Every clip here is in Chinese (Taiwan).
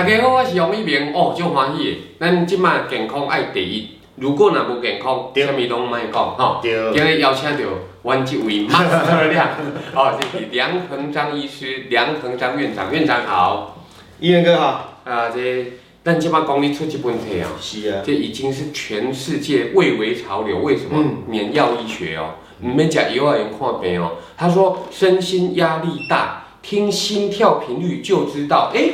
大家好、哦，我是王一明哦，真歡喜。咱即晚健康愛第一，如果若無健康，啥物攏賣講吼。對。哦、對今日邀請到阮這位呵呵。 哦，梁恆彰醫師，梁恆彰院長，院長好。醫院哥好。啊、呃，這咱即晚講你出一本體哦、嗯。是啊。這已經是全世界蔚為潮流，為什麼？嗯。免藥醫學哦，唔要食藥啊，用看病哦。他說，身心壓力大，聽心跳頻率就知道，哎。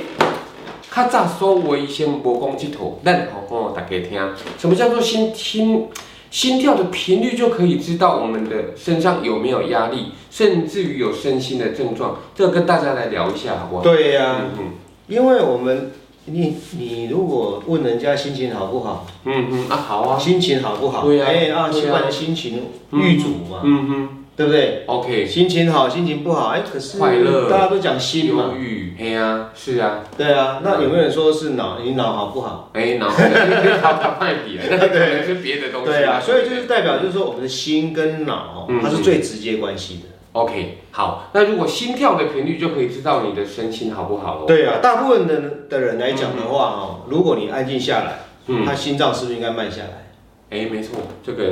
他說我微先撥公之頭，好我講大家聽，什麼叫做心聽心，心跳的頻率就可以知道我們的身上有沒有壓力，甚至於有身心的症狀，這個跟大家來聊一下，好不好？對呀、啊，嗯、哼，因為我們你你如果問人家心情好不好，嗯嗯啊好啊，心情好不好？對呀，哎啊，習慣、啊哎啊、的心情預主嘛，對啊、嗯哼。對不對？OK，心情好，心情不好，哎，可是大家都講心嘛。快樂哎呀，是啊。對啊，那,那,那有沒有人說是腦？你腦好不好？哎、欸，腦，他他太貶了，對， 可能是別的東西、啊。對啊，所以就是代表，就是說我們的心跟腦，它是最直接關係的。OK，好，那如果心跳的頻率就可以知道你的身心好不好嘍？Okay? 對啊，大部分的的人來講的話，哈、嗯，如果你安靜下來，他、嗯、心臟是不是應該慢下來？哎，沒錯，這個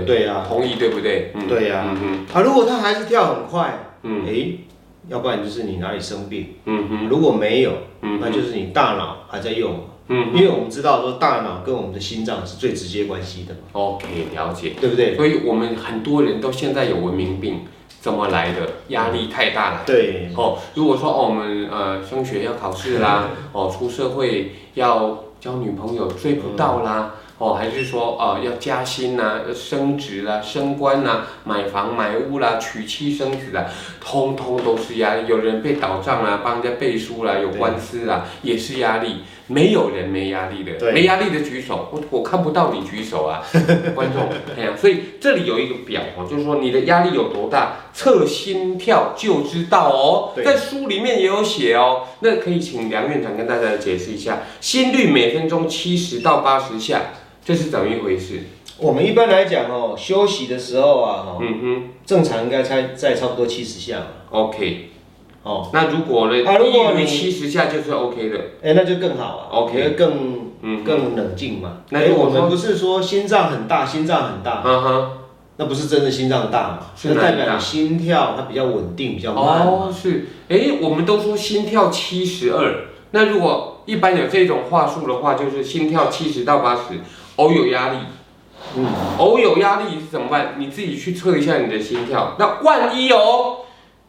同意對不對？對呀。如果他還是跳很快，哎，要不然就是你哪裡生病。嗯哼。如果沒有，那就是你大腦還在用。嗯，因為我們知道說大腦跟我們的心臟是最直接關係的嘛。OK，了解，對不對？所以我們很多人都現在有文明病，怎麼來的？壓力太大了。對。哦，如果說哦，我們呃升學要考試啦，哦出社會要交女朋友追不到啦。哦，還是說啊、呃，要加薪啊，要升職啊，升官啊，買房買屋啦，啊，娶妻生子啊，通通都是壓力。有人被倒賬啊，幫人家背書啦，啊，有官司啊，對也是壓力。沒有人沒壓力的，對沒壓力的舉手，我我看不到你舉手啊，觀眾。 哎呀，所以這裡有一個表哦，就是說你的壓力有多大，測心跳就知道哦。對在書裡面也有寫哦，那可以請梁院長跟大家解釋一下，心率每分鐘七十到八十下。這是怎麼一回事？我們一般來講哦，休息的時候啊，哼，正常應該在在差不多七十下 OK，哦，那如果呢，啊、如果你七十下就是 OK 的。那就更好了、啊。OK，更嗯，更冷靜嘛。嗯、那如果我們不是說心臟很大，心臟很大，嗯、哼那不是真的心臟大嘛？那，大那代表心跳它比較穩定，比較哦，是。哎，我們都說心跳七十二，那如果一般有這種話術的話，就是心跳七十到八十。偶有壓力，嗯，偶有壓力是怎麼辦？你自己去測一下你的心跳。那萬一哦，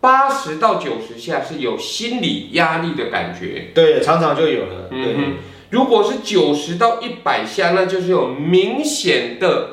八十到九十下是有心理壓力的感覺，對，常常就有了。對，嗯，如果是九十到一百下，那就是有明顯的。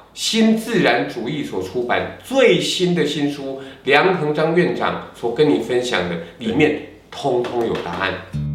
新自然主義所出版最新的新書，梁恆彰院長所跟你分享的，裡面通通有答案。